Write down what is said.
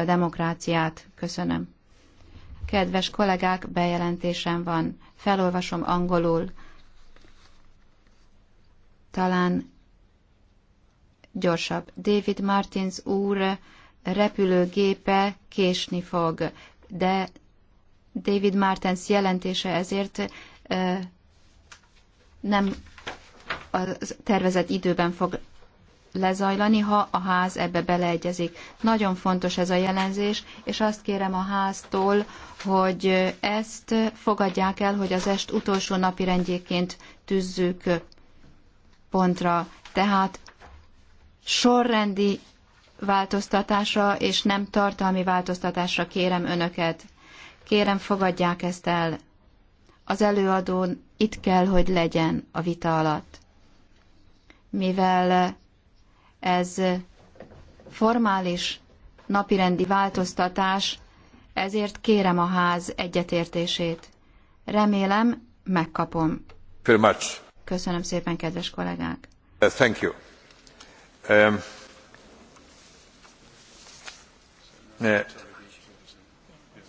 a demokráciát. Köszönöm. Kedves kollégák, bejelentésem van. Felolvasom angolul. Talán gyorsabb. David Martins úr repülőgépe késni fog, de David Martens jelentése ezért nem a tervezett időben fog lezajlani, ha a ház ebbe beleegyezik. Nagyon fontos ez a jelenzés, és azt kérem a háztól, hogy ezt fogadják el, hogy az est utolsó napi rendjéként tűzzük pontra. Tehát sorrendi változtatásra és nem tartalmi változtatásra kérem önöket. Kérem, fogadják ezt el. Az előadón itt kell, hogy legyen a vita alatt. Mivel ez formális napirendi változtatás, ezért kérem a ház egyetértését. Remélem, megkapom. Very much. Köszönöm szépen, kedves kollégák. Uh, thank you. Um, uh,